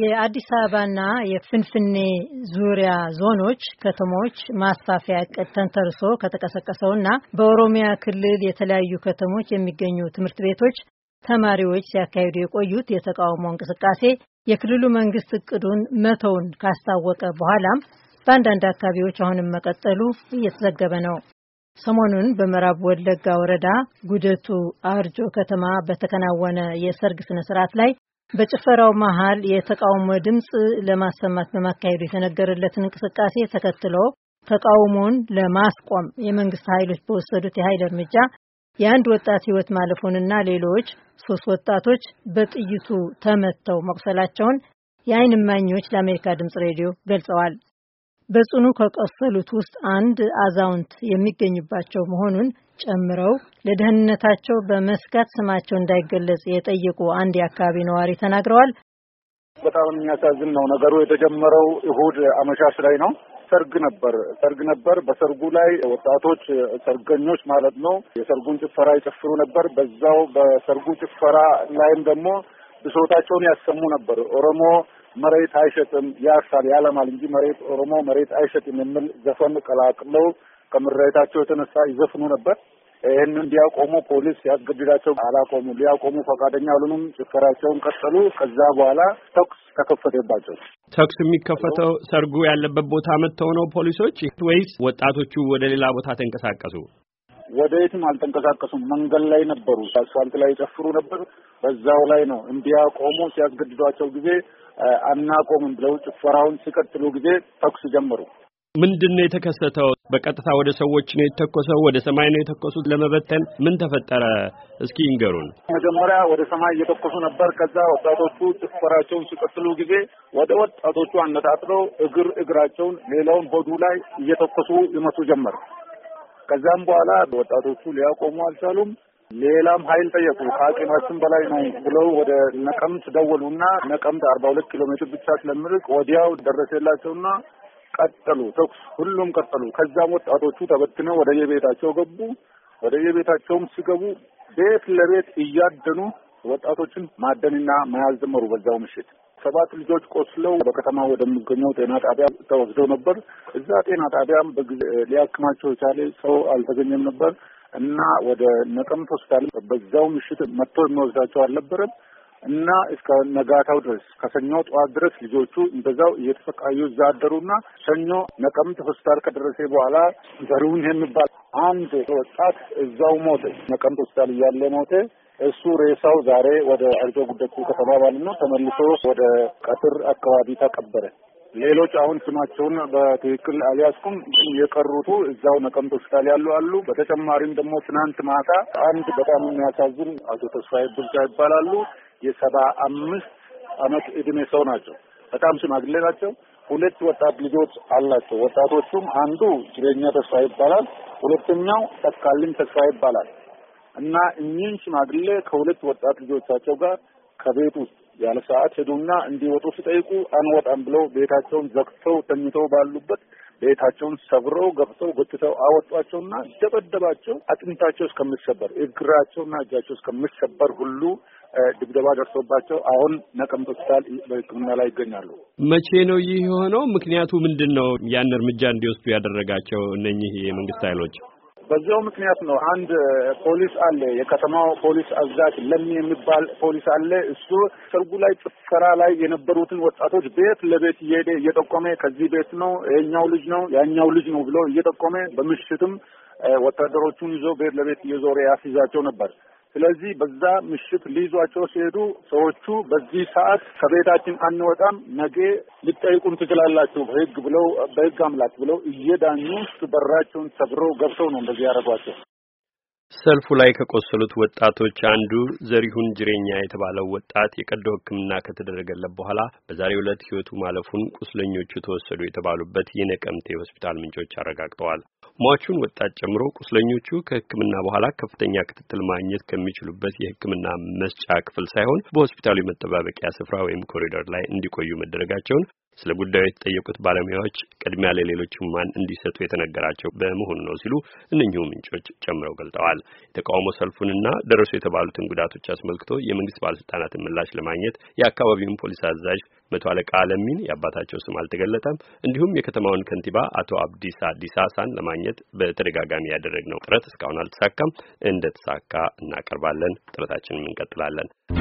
የአዲስ አበባና የፍንፍኔ ዙሪያ ዞኖች ከተሞች ማስፋፊያ እቅድ ተንተርሶ ከተቀሰቀሰውና በኦሮሚያ ክልል የተለያዩ ከተሞች የሚገኙ ትምህርት ቤቶች ተማሪዎች ሲያካሂዱ የቆዩት የተቃውሞ እንቅስቃሴ የክልሉ መንግስት እቅዱን መተውን ካስታወቀ በኋላም በአንዳንድ አካባቢዎች አሁንም መቀጠሉ እየተዘገበ ነው። ሰሞኑን በምዕራብ ወለጋ ወረዳ ጉደቱ አርጆ ከተማ በተከናወነ የሰርግ ስነ ስርዓት ላይ በጭፈራው መሃል የተቃውሞ ድምፅ ለማሰማት በማካሄዱ የተነገረለትን እንቅስቃሴ ተከትሎ ተቃውሞውን ለማስቆም የመንግስት ኃይሎች በወሰዱት የኃይል እርምጃ የአንድ ወጣት ህይወት ማለፉንና ሌሎች ሶስት ወጣቶች በጥይቱ ተመተው መቁሰላቸውን የአይን እማኞች ለአሜሪካ ድምፅ ሬዲዮ ገልጸዋል። በጽኑ ከቆሰሉት ውስጥ አንድ አዛውንት የሚገኙባቸው መሆኑን ጨምረው ለደህንነታቸው በመስጋት ስማቸው እንዳይገለጽ የጠየቁ አንድ የአካባቢ ነዋሪ ተናግረዋል። በጣም የሚያሳዝን ነው ነገሩ። የተጀመረው እሁድ አመሻሽ ላይ ነው። ሰርግ ነበር፣ ሰርግ ነበር። በሰርጉ ላይ ወጣቶች ሰርገኞች ማለት ነው የሰርጉን ጭፈራ ይጨፍሩ ነበር። በዛው በሰርጉ ጭፈራ ላይም ደግሞ ብሶታቸውን ያሰሙ ነበር። ኦሮሞ መሬት አይሸጥም፣ ያርሳል፣ ያለማል እንጂ መሬት ኦሮሞ መሬት አይሸጥም የሚል ዘፈን ቀላቅለው ከምሬታቸው የተነሳ ይዘፍኑ ነበር። ይህን እንዲያቆሙ ፖሊስ ያስገድዳቸው አላቆሙ። ሊያቆሙ ፈቃደኛ አልሆኑም። ጭፈራቸውን ቀጠሉ። ከዛ በኋላ ተኩስ ተከፈተባቸው። ተኩስ የሚከፈተው ሰርጉ ያለበት ቦታ መጥተው ነው ፖሊሶች ወይስ ወጣቶቹ ወደ ሌላ ቦታ ተንቀሳቀሱ? ወደ የትም አልተንቀሳቀሱም። መንገድ ላይ ነበሩ። አስፋልት ላይ ይጨፍሩ ነበር። በዛው ላይ ነው እንዲያቆሙ ሲያስገድዷቸው ጊዜ አናቆምም ብለው ጭፈራውን ሲቀጥሉ ጊዜ ተኩስ ጀመሩ። ምንድን ነው የተከሰተው? በቀጥታ ወደ ሰዎች ነው የተኮሰው? ወደ ሰማይ ነው የተኮሱት ለመበተን? ምን ተፈጠረ? እስኪ ይንገሩን። መጀመሪያ ወደ ሰማይ እየተኮሱ ነበር። ከዛ ወጣቶቹ ጭፈራቸውን ሲቀጥሉ ጊዜ ወደ ወጣቶቹ አነጣጥለው እግር እግራቸውን፣ ሌላውን በዱ ላይ እየተኮሱ ይመቱ ጀመር። ከዛም በኋላ ወጣቶቹ ሊያቆሙ አልቻሉም። ሌላም ኃይል ጠየቁ። ከአቅማችን በላይ ነው ብለው ወደ ነቀምት ደወሉና ነቀምት አርባ ሁለት ኪሎ ሜትር ብቻ ስለምርቅ ወዲያው ደረሰላቸውና ቀጠሉ። ተኩስ ሁሉም ቀጠሉ። ከዛም ወጣቶቹ ተበትነው ወደ የቤታቸው ገቡ። ወደ የቤታቸውም ሲገቡ ቤት ለቤት እያደኑ ወጣቶችን ማደንና መያዝ ጀመሩ። በዛው ምሽት ሰባት ልጆች ቆስለው በከተማ ወደሚገኘው ጤና ጣቢያ ተወስደው ነበር። እዛ ጤና ጣቢያም በጊዜ ሊያክማቸው የቻለ ሰው አልተገኘም ነበር እና ወደ ነቀምት ሆስፒታል በዛው ምሽት መጥቶ የሚወስዳቸው አልነበረም። እና እስከ ነጋታው ድረስ ከሰኞ ጠዋት ድረስ ልጆቹ እንደዛው እየተሰቃዩ እዛ አደሩና ሰኞ ነቀምት ሆስፒታል ከደረሰ በኋላ ዘሩን የሚባል አንድ ወጣት እዛው ሞተ። ነቀምት ሆስፒታል እያለ ሞተ። እሱ ሬሳው ዛሬ ወደ አርጆ ጉደቱ ከተማ ባል ነው ተመልሶ ወደ ቀትር አካባቢ ተቀበረ። ሌሎች አሁን ስማቸውን በትክክል አልያዝኩም። የቀሩቱ እዛው ነቀምት ሆስፒታል ያሉ አሉ። በተጨማሪም ደግሞ ትናንት ማታ አንድ በጣም የሚያሳዝን አቶ ተስፋዬ ብልጫ ይባላሉ የሰባ አምስት አመት እድሜ ሰው ናቸው። በጣም ሽማግሌ ናቸው። ሁለት ወጣት ልጆች አላቸው። ወጣቶቹም አንዱ ጅሬኛ ተስፋ ይባላል፣ ሁለተኛው ጠካልኝ ተስፋ ይባላል እና እኚህን ሽማግሌ ከሁለት ወጣት ልጆቻቸው ጋር ከቤት ውስጥ ያለ ሰዓት ሄዱና እንዲወጡ ሲጠይቁ አንወጣም ብለው ቤታቸውን ዘግተው ተኝተው ባሉበት ቤታቸውን ሰብረው ገብተው ጎትተው አወጧቸውና ደበደባቸው። አጥንታቸው እስከሚሰበር እግራቸውና እጃቸው እስከሚሰበር ሁሉ ድብደባ ደርሶባቸው አሁን ነቀምት ሆስፒታል በሕክምና ላይ ይገኛሉ። መቼ ነው ይህ የሆነው? ምክንያቱ ምንድን ነው? ያን እርምጃ እንዲወስዱ ያደረጋቸው እነኚህ የመንግስት ኃይሎች በዚያው ምክንያት ነው። አንድ ፖሊስ አለ፣ የከተማው ፖሊስ አዛዥ ለሚ የሚባል ፖሊስ አለ። እሱ ሰርጉ ላይ ጭፈራ ላይ የነበሩትን ወጣቶች ቤት ለቤት እየሄደ እየጠቆመ ከዚህ ቤት ነው የኛው ልጅ ነው ያኛው ልጅ ነው ብሎ እየጠቆመ በምሽትም ወታደሮቹን ይዞ ቤት ለቤት እየዞረ ያስይዛቸው ነበር። ስለዚህ በዛ ምሽት ሊይዟቸው ሲሄዱ ሰዎቹ በዚህ ሰዓት ከቤታችን አንወጣም፣ ነገ ልጠይቁን ትችላላችሁ በህግ ብለው በህግ አምላክ ብለው እየዳኙ በራቸውን ሰብረው ገብተው ነው እንደዚህ ያደረጓቸው። ሰልፉ ላይ ከቆሰሉት ወጣቶች አንዱ ዘሪሁን ጅሬኛ የተባለው ወጣት የቀዶ ሕክምና ከተደረገለት በኋላ በዛሬው ዕለት ህይወቱ ማለፉን ቁስለኞቹ ተወሰዱ የተባሉበት የነቀምቴ ሆስፒታል ምንጮች አረጋግጠዋል። ሟቹን ወጣት ጨምሮ ቁስለኞቹ ከሕክምና በኋላ ከፍተኛ ክትትል ማግኘት ከሚችሉበት የሕክምና መስጫ ክፍል ሳይሆን በሆስፒታሉ የመጠባበቂያ ስፍራ ወይም ኮሪደር ላይ እንዲቆዩ መደረጋቸውን ስለ ጉዳዩ የተጠየቁት ባለሙያዎች ቅድሚያ ለሌሎች ማን እንዲሰጡ የተነገራቸው በመሆኑ ነው ሲሉ እነኚሁ ምንጮች ጨምረው ገልጠዋል። የተቃውሞ ሰልፉንና ደረሱ የተባሉትን ጉዳቶች አስመልክቶ የመንግስት ባለስልጣናትን ምላሽ ለማግኘት የአካባቢውን ፖሊስ አዛዥ መቶ አለቃ አለሚን የአባታቸው ስም አልተገለጠም፣ እንዲሁም የከተማውን ከንቲባ አቶ አብዲሳ ዲሳሳን ለማግኘት በተደጋጋሚ ያደረግነው ጥረት እስካሁን አልተሳካም። እንደተሳካ እናቀርባለን። ጥረታችንን እንቀጥላለን።